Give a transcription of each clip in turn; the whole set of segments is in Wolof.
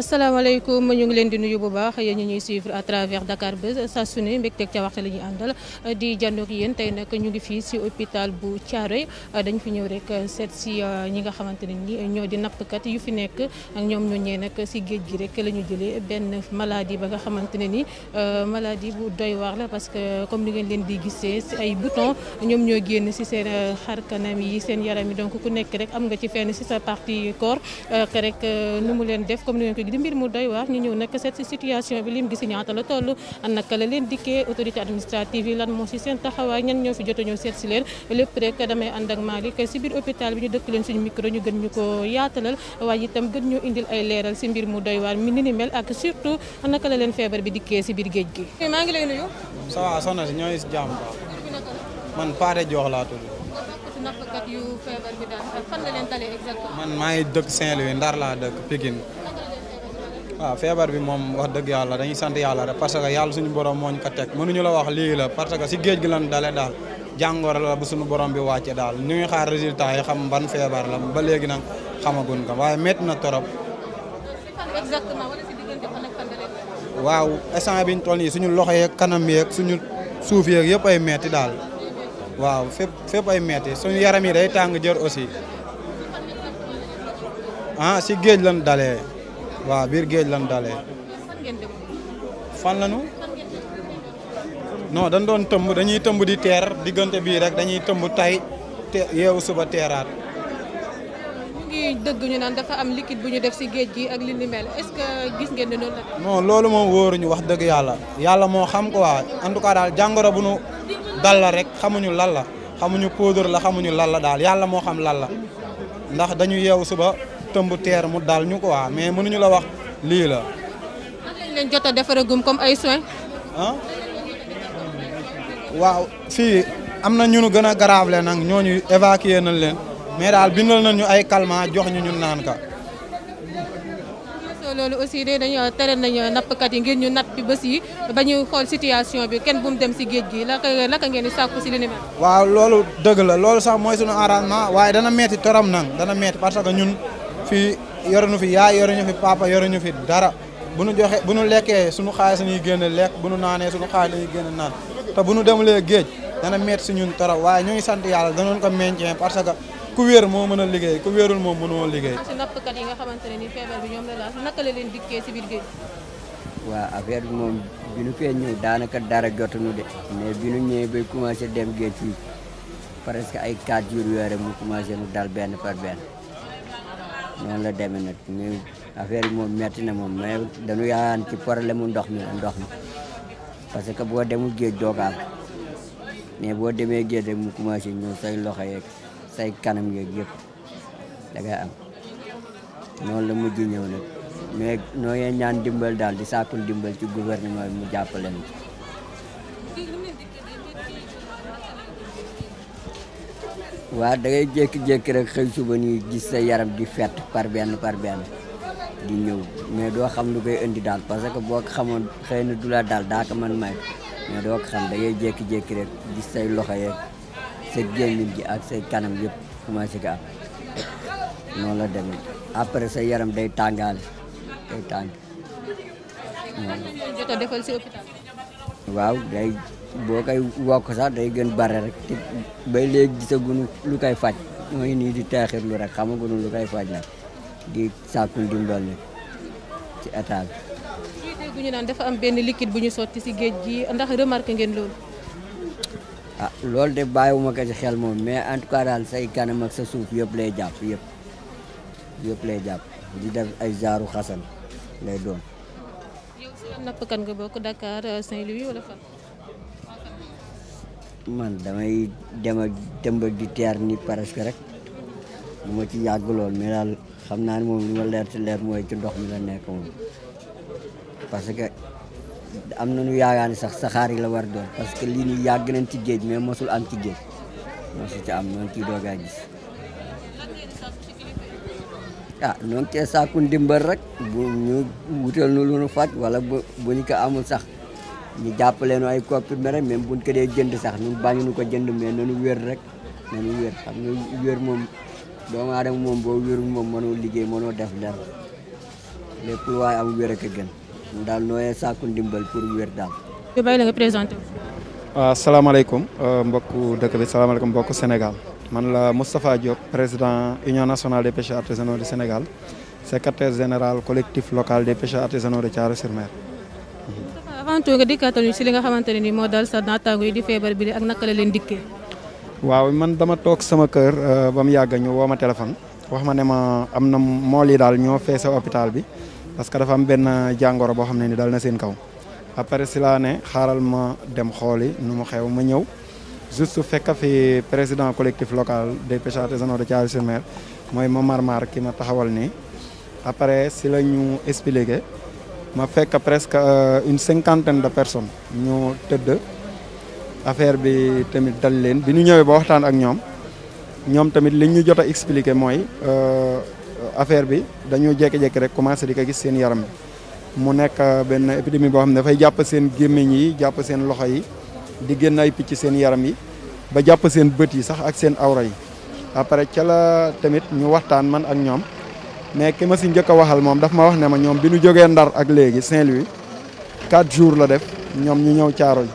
asalaamaaleykum ñu ngi leen di nuyu bu baax yéen ñu ñuy suivre à travers Dakar Buzz saa su ne mbégteeg ca waxte la ñuy àndal di jàndoog yéen tey nag ñu ngi fii si hôpital bu Thiaroye dañ fi ñëw rek seet si euh, ñi nga xamante ne ni ñoo di nappkat yu fi nekk ak ñoom ñooñee nag si géej gi rek la ñu jëlee benn maladie ba nga xamante ne ni euh, maladie bu doy waar la parce que comme ni ngeen leen di gisee si ay bouton ñoom ñoo génn si seen euh, xar kanam yi seen yaram yi donc ku nekk rek am nga ci fenn si sa partie corps rek nu mu leen def comme ni ngeen ko di mbir mu doy waar ñu ñëw nag seet si situation bi lim gis ñaata la toll naka la leen dikkee autorité administrative yi lan moo si seen taxawaay ñan ñoo fi jot a ñëw seet si leen lépp rek damay ànd ak Malick si biir hôpital bi ñu dëkk leen suñu micro ñu gën ñu ko yaatalal waaye itam gën ñoo indil ay leeral si mbir mu doy waar mi ni ni mel ak surtout naka la leen feebar bi dikkee si biir géej gi. maa ngi lay nuyu. ça va soxna si ñooy jàmm man Paate Joox laa tudd. man maa ngi dëkk Saint-Louis Ndar laa dëkk waaw ah, feebar bi moom wax dëgg yàlla dañuy sant yàlla rek parce que yàlla suñu borom moo ñu ko teg mënuñu la wax lii la parce que si géej gi lan dale daal jàngoro la bu suñu borom bi wàcce daal ñu ngi xaar résultat yi xam ban feebar la ba léegi nag xamagun ko waaye métti na torop waaw instant biñ toll nii suñu loxo yeeg kanam yeeg suñu suuf yeeg yëpp ay metti daal waaw fépp fépp ay metti suñu yaram yi day tàng jër aussi ah si géej lan dalee wa bir geej lan dalé fan lañu non dañ doon tëmb dañuy tëmb di ter diggante bi rek dañuy tëmb tay te yeewu suba teeraat. ñu ngi dëgg ñu naan dafa am liquide bu ñu def ci geej gi ak li ni mel est-ce que gis ngeen ne noonu la. non loolu moom wóoruñu wax dëgg yalla yalla mo xam wa en tout cas dal jangoro bu dal la rek xamuñu lan la xamuñu poudre la xamuñu lan la dal yalla mo xam lan la ndax dañu yewu suba tëmb teer mu dal ñu quoi mais mënu ñu la wax li la. lan lañ leen jotta a gum comme ay soin ah waaw fi amna ñunu gëna nu gën a garaawle évacuer nañ leen mais dal bindal nañ ñu ay calmant jox ñu ñun nan ka. lolu aussi de dañu téré nañu nap kat yi ngir ñu nap bi bëss yi bañu xol situation bi kenn bu mu dem ci géej gi la la ka ngeen di sàkku si li waaw lolu dëgg la lolu sax moy suñu arrangement waye dana metti toram nang dana metti parce que ñun fii yoruñu fi yaay yoruñu fi papa yoruñu fi dara bu nu joxe bu nu lekkee suñu xaalis ñuy génne lekk bu nu naanee suñu xaalis ñuy génne naan te bu nu demulee géej dana métti si ñun trop waaye ñu ngi sant yàlla danoon ko maintien parce que ku wér moo mën a liggéey ku wéerul moom mënoo liggéey. si nappkat yi nga xamante ne feebar bi ñoom la laal naka la dikkee si biir géej. waaw affaire bi moom bi nu fee ñëw daanaka dara jotuñu de mais bi nu ñëwee commencé dem géej fii presque ay 4 jours mu commencé dal benn par benn. noonu la demee nag mais affaire bi moom metti na moom mais dañu yaayaan ci problème mu ndox mi la ndox mi parce que boo demul géej doo ko am mais boo demee géej rek mu commencé ñëw say loxo yeeg say kanam yeeg yëpp da am noonu la mujj ñëw nag mais noo yee ñaan dimbal daal di sàkkul dimbal ci gouvernement bi mu jàppale ñu waaw da ngay jékki-jékki rek xëy suba nii gis say yaram di fet par benn par benn di ñëw mais doo xam lu koy indi daal parce que boo ko xamoon xëy na du la daal daa ko mën may mais doo ko xam da ngay jékki-jékki rek di say loxo yeeg sa gémmiñ gi ak say kanam yëpp ma si am noonu la demee après sa yaram day tàngaale day tàng waaw day bokay wok sa day gën barre rek te bay léegi gisaguñu lu kay fajj moy ni di taxir lu rek xam xamaguñu lu kay fajj nak di sàkkul dimbal ni ci état bi. bu ñu naan dafa am ben liquide bu ñu sotti si géej gi ndax remarque ngeen lool ah lool de bàyyiwuma ko ci xel mom mais en tout cas dal say kanam ak sa suuf yëpp lay japp yëpp yëpp lay japp di def ay jaru xasan lay doon. yow nap kan nga bokk Dakar eh, Saint-Louis wala fa man damay dem ak dem di teer ni presque rek bu ma ci yàgg lool mais xam naa ne moom li ma leer ci leer mooy ci ndox mi la nekk moom parce que am nañu yaakaar ne sax saxaar la war doon parce que lii nii yàgg nañ ci géej mais mosul am ci géej mosu ci am noonu ciy doogaa gis ah noonu cee sàkku ndimbal rek bu ñu wutal nu lu nu faj wala bu ñu ko amul sax ñu jàppaleenu ay coppi mere même buñ ko dee jënd sax ñun bañuñu ko jënd mais nanu wér rek nanu wér xam nga wér moom doomu aadama moom boo wérul moom mënoo liggéey mënoo def dara lépp lu waaye am wér ak a gën daal nooyee sàkku ndimbal pour wér daal. ñu bàyyi la nga présenté. waaw ah, salaamaaleykum euh, mbokku dëkk bi salaamaaleykum mbokku Sénégal man la Moustapha Diop président union nationale des pêcheurs artisanaux du Sénégal secrétaire général collectif local des pêcheurs artisanaux de thiaroye sur santu nga dikkaatal ñu si li nga xamante ne ni moo dal sa naataango yi di feebar bi ak naka la leen dikkee. waaw man dama toog sama kër euh, ba mu yàgg ñu woo ma téléphone wax ma ne ma am na mool yi daal ñoo fees sa hôpital bi parce que dafa am benn jàngoro boo xam ne ni daal na seen kaw après si laa ne xaaral ma dem xooli nu mu xew ma ñëw juste fekk fi président collectif local des pêcheurs artisanaux de thiaroye sur mooy Momar Mar ki ma taxawal nii après si la ñu expliqué. ma fekk presque euh, une cinquantaine de personnes ñu tëdd affaire bi tamit dal leen bi ñu ñëwé ba waxtaan ak ñom ñom tamit li ñu jotta expliquer moy euh affaire bi dañu jékki-jékki rek commencé di ka gis seen yaram mu nekk euh, ben épidémie bo xamné fay japp seen gemmiñ yi japp seen loxo yi di genn ay picc seen yaram yi ba japp seen bët yi sax ak seen awra après ci la tamit ñu waxtaan man ak ñom mais ki ma si njëkk a waxal moom daf ma wax ne ma ñoom bi ñu jógee Ndar ak léegi Saint-Louis quatre jours la def ñoom ñu ñëw Caaroy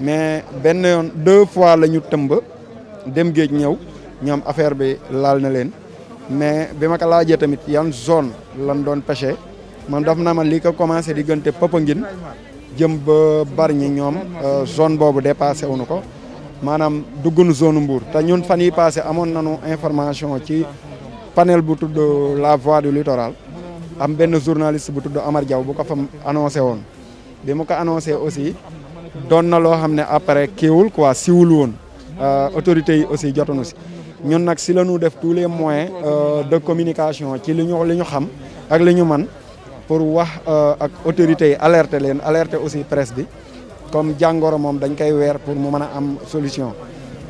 mais benn yoon deux fois la ñu tëmb dem géej ñëw ñoom affaire bi laal na leen mais bi ma ko laajee tamit yan zone lan doon pêché man daf na ma li ko commencé diggante Popenguine jëm ba ñi ñoom euh, zone boobu dépassé wuñu ko maanaam duggunu zone Mbour te ñun fan yi passé amoon nañu information ci panel bu tudd la voix du littoral am ben journaliste bu tudd Amar Diaw bu ko fam annoncer won bi mu ko annoncer aussi don na lo xamne ne après kewul quoi siwul euh autorité yi aussi jotoonu ci ñun nak si lañu def tous les moyens euh, de communication ci liñu liñu xam ak liñu man pour wax euh, ak autorité yi alerter len alerter aussi presse bi comme jangoro mom dañ koy pour mu meuna am solution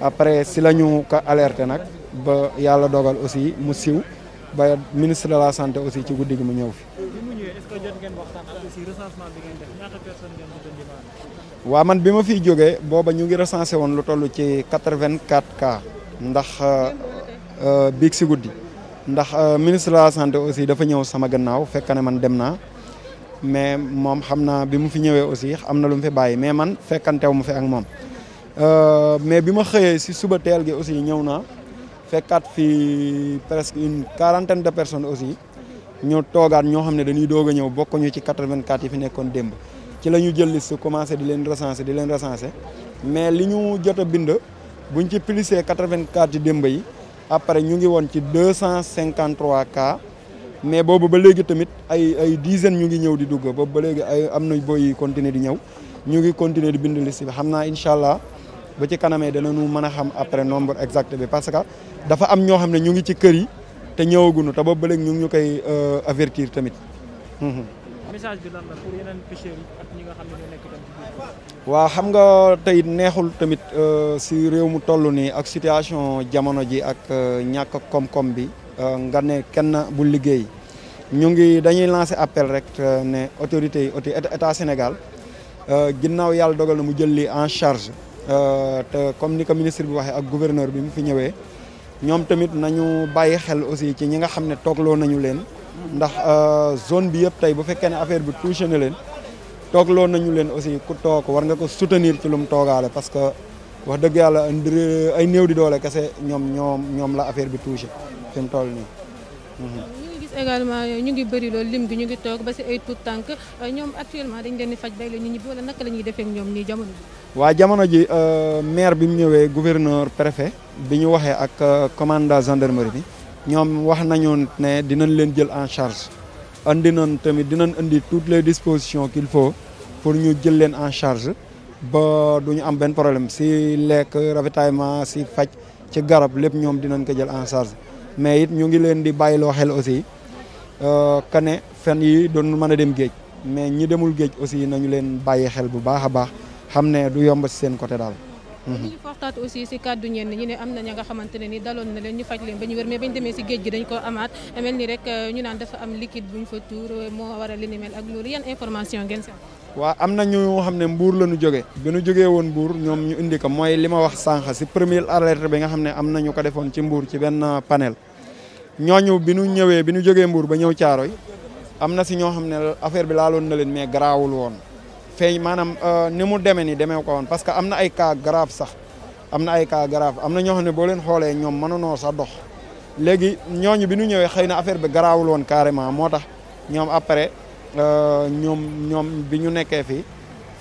après si lañu alertenak. ko alerter nak ba yalla dogal aussi mu siw ba ministre de la santé aussi ci guddi gi mu ñew fi. wa man bima fi fiy boba ñu ngi recensé won lu tollu ci 84 vingt quatre cas ndax euh, euh, biig si guddi ndax euh, ministre de la santé aussi dafa ñew sama gannaaw fekk ne man demna mais mom xamna naa bi mu fi ñewé aussi amna lu mu fi bàyyi mais man fekkantew mu fi ak mom euh mais bima xeyé ci suba teel gi aussi ñewna fekkaat fi presque une quarantaine de personnes aussi ñoo toogaat ñoo xam ne dañuy doog a ñëw ñu ci 84 yi fi nekkoon demb ci la ñu jël liste commencé di leen recenser di leen recenser mais li ñu jot a bind buñ ci plissé 84 yi démb yi après ñu ngi woon ci 253 cas mais boobu ba léegi tamit ay ay dizaines ñu ngi ñëw di dugg boobu ba léegi ay am na booy continuer di ñëw ñu ngi continuer di bind liste bi xam naa incha allah. ba ci kanamee danañu mën mëna xam après nombre exact bi parce que dafa am ño xam ñu ngi ci kër yi té ñëwaguñu te boobu ba bëlé ñu ngi ñu koy euh, avertir tamit. Mhm. message bi lan la pour yeneen pêcheurs yi ak ñi nga xam ne nekk tam ci xam nga tey neexul tamit euh, si réew mu tollu ni ak situation jamono ji ak euh, ñàkk kom kom bi nga ne kenn bu liggéey ñu ngi dañuy lancer appel rek ne autorité yi état Sénégal ginnaw yalla dogal na mu jël li en charge. Euh, te comme ni ko ministre bi waxee ak gouverneur bi mu fi ñëwee ñoom tamit nañu bàyyi xel aussi ci ñi nga xam ne toogloo nañu leen. ndax euh, zone bi yëpp tey bu fekkee ne affaire bi touché na leen toogloo nañu leen aussi ku toog war nga ko soutenir ci lu mu toogaale parce que wax dëgg yàlla ay néew di doole kese ñoom ñoom ñoom la affaire bi touché fi mu toll nii. Mhm. également ñu ngi bëri loolu lim bi ñu ngi toog ba si ay tuut tànk ñoom actuellement dañ leen di faj bay la ñu ñibbi wala naka la ñuy defee ak ñoom nii jamono ji waa jamono ji euh, maire bi mu ñëwee gouverneur préfet bi ñu waxee ak euh, commandant gendarmerie bi ñoom wax nañu ne dinañ leen jël en charge andi nañ tamit dinañ indi toutes les dispositions qu'il faut pour ñu jël leen en charge ba du ñu am benn problème si lekk ravitaillement si faj ci garab lépp ñoom dinañ ko jël en charge mais it ñu ngi leen di bàyyiloo xel aussi kane euh, fen yi doon mën dem geej mais ñi demul geej aussi nañu leen bàyyi xel bu baaxa baax xam du yomb ci seen côté dal ñu mhm. fortat aussi ci kàddu ñen ñi ne amna ñinga xamantene ni dalon na leen ñu faj leen bañu wër mais bañu démé ci geej gi dañ ko amaat melni rek euh, ñu naan dafa am liquide buñ fa tour euh, mo wara li ni mel ak loolu yeen information ngeen sa wa amna ñu xam mbuur la ñu jóge bi ñu mbuur ñu indi ko moy lima wax sanxa ci premier alerte bi nga xam amna ñu ko defoon ci mbuur ci ben panel ñooñu bi ñu ñëwee bi ñu jógee Mbour ba ñëw Caaroy am na si ñoo xam ne affaire bi laaloon na leen mais garaawul woon feeñ maanaam euh, ni mu demee ni demee ko woon parce que am na ay cas grave sax am na ay ka grave am na ñoo xam ne boo leen xoolee ñoom mënunoo sa dox léegi ñooñu bi ñu ñëwee xëy na affaire bi garaawul woon carrément moo tax ñoom après euh, ñoom ñoom bi ñu nekkee fii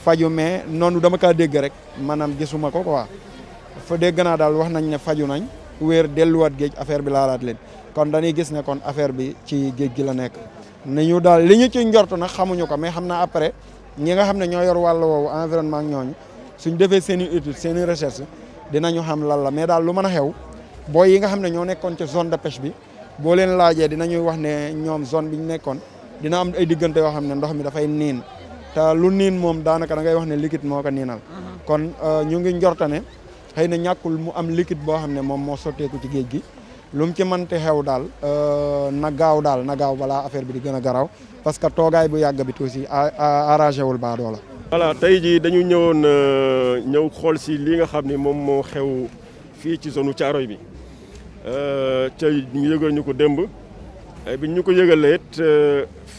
faju mais noonu dama kaa dégg rek maanaam gisuma ko quoi fa dégg naa daal wax nañ ne faju nañ wéer delluwaat géej affaire bi laalaat leen kon dañuy gis ne kon affaire bi ci géej gi la nekk ni ñu daal li ñu ci njort nag xamuñu ko mais xam naa après ñi nga xam ne ñoo yor wàll woowu environnement ñooñ suñ defee seen i étude seen i recherche dinañu xam lan la mais daal lu mën a xew booy yi nga xam ne ñoo nekkoon ci zone de pêche bi boo leen laajee dinañuy wax ne ñoom zone bi ñu nekkoon dina am ay diggante yoo xam ne ndox mi dafay niin te lu niin moom daanaka da ngay wax ne liquide moo ko niinal mhm. kon euh, ñu ngi njorta ne xëy na ñàkkul mu am liquide boo xam ne moom moo sotteeku ci géej gi lu mu ci mënti xew daal euh, na gaaw daal na gaaw balaa affaire bi di gën a garaw parce que toogaay bu yàgg bi aussi arrangé wul baa doola voilà tey jii dañu ñëwoon euh, ñëw xool si lii nga xam ni moom moo xew fii ci zone caarooy bi ca euh, ñu ko démb bi ñu ko yëgalee it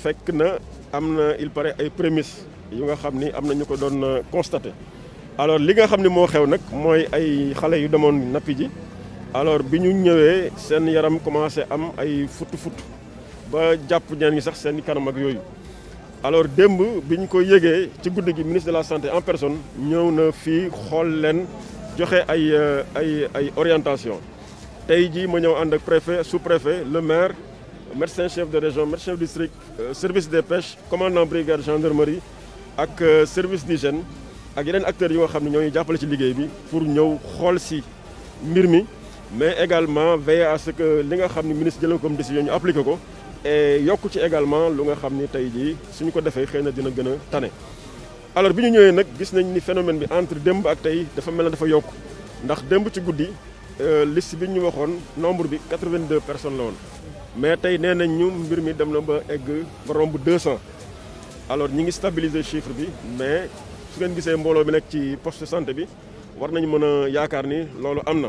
fekk na am na il paraît ay prémices yu nga xam ni am na ñu ko doon constaté alors li nga xam ni moo xew nag mooy ay xale yu demoon nappi ji alors bi ñu ñëwee seen yaram commencé am ay futt foot ba jàpp ñeen ñi sax seen kanam ak yooyu alors démb bi ñu ko yëgee ci ministre de la santé en personne ñëw na fii xool leen joxé ay euh, ay ay orientation tay ji ma ñëw and ak préfet sous préfet le maire médecin chef de région médecin chef district euh, service des pêches commandant brigade gendarmerie ak euh, service d'hygiène ak yeneen acteurs yo xamni ñoy jappalé ci liggéey bi pour ñëw xol ci mbir mi mais également veiller à ce que li nga xam ni ministre jëlee comme décision ñu appliquer ko et yokk ci également lu nga xamni tay ji suñu ko défé xëy dina gëna tané alors biñu ñëwé nak gis nañ ni phénomène bi entre demb ak tay dafa mel dafa yokk ndax demb ci euh liste bi ñu waxoon nombre bi 82 personnes la won mais tay nee ñu mbir mi dem na ba egg ba romb 200 alors ñi ngi stabiliser chiffre bi mais su ngeen gisee mbolo bi nek ci poste santé bi war nañ mëna a ni loolu amna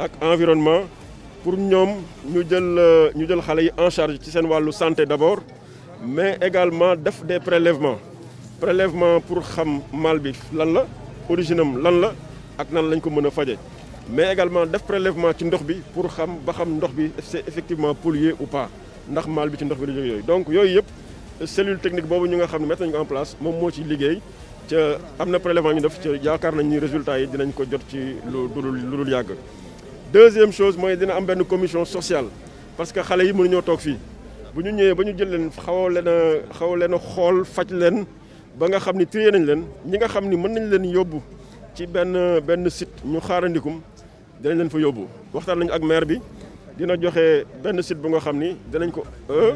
ak environnement pour ñom ñu jël euh, ñu jël xalé yi en charge ci sen walu santé d'abord mais également def des prélèvements prélèvements pour xam mal bi lan la origine lan la ak nan lañ ko mëna faje mais également def prélèvement ci ndox bi pour xam ba xam ndox bi c'est effectivement pollué ou pas ndax mal bi ci ndox bi la jóge donc yooyu yëpp cellule technique bobu ñu nga xam ne mettre ko en place mom mo ci liggéey ci amna prélèvement ñu def ci yaakaar nañ ni résultat yi dinañ ko jot ci lu lu deuxième chose je dina une commission sociale parce que les yi ne pas bu ñu Nous ñu jël leen leen ba nga Nous sommes ci ben site ñu xaarandikum dinañ leen fa site bu euh,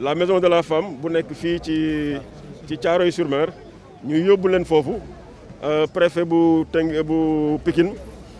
la maison de la femme bu nekk fii ci sur Mer ñu yobbu leen euh, préfet bu bu Pikine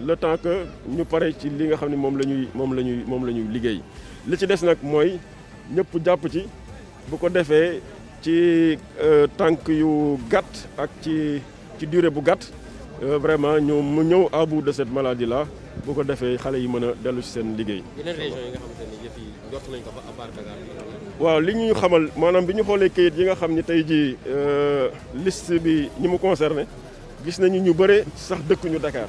le temps que ñu pare ci li nga xam ne moom la ñuy moom la ñuy moom la ñuy liggéey li ci des nag mooy ñëpp jàpp ci bu ko defee ci euh, tànk yu gàtt ak ci ci durée bu gàtt euh, vraiment ñu mu ñëw à bout de cette maladie la bu ko defee xale yi mën a dellu si seen liggéey. nañ ko waaw li ñu xamal maanaam bi ñu xoolee kayit yi nga xam ni tey jii euh, list bi ñi mu concerné gis nañu ñu bëre sax dëkkuñu dakaar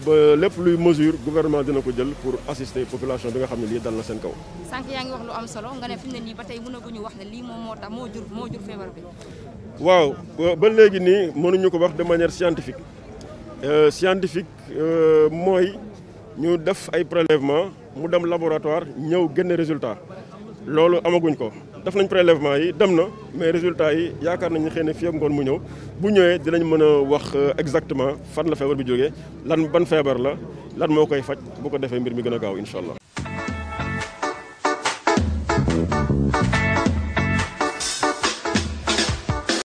ba lépp luy mesure gouvernement dina ko jël pour assister population bi nga xam ne lii dal na seen kaw. sànq yaa ngi wax lu am solo nga ne fi mu ne nii ba tey mënaguñu wax ne lii moom moo tax moo jur moo jur feebar bi. waaw ba léegi nii mënuñu ko wax de manière scientifique euh, scientifique euh, mooy ñu def ay prélèvement mu dem laboratoire ñëw génne résultat loolu amaguñ ko. def nañ prélèvement yi dem na mais résultat yi yaakaar nañ ne xëy fii ak ngoon mu ñëw bu ñëwee dinañ mën a wax euh, exactement fan la feebar bi jógee lan ban feebar la lan moo koy faj bu ko defee mbir mi gën a gaaw incha allah.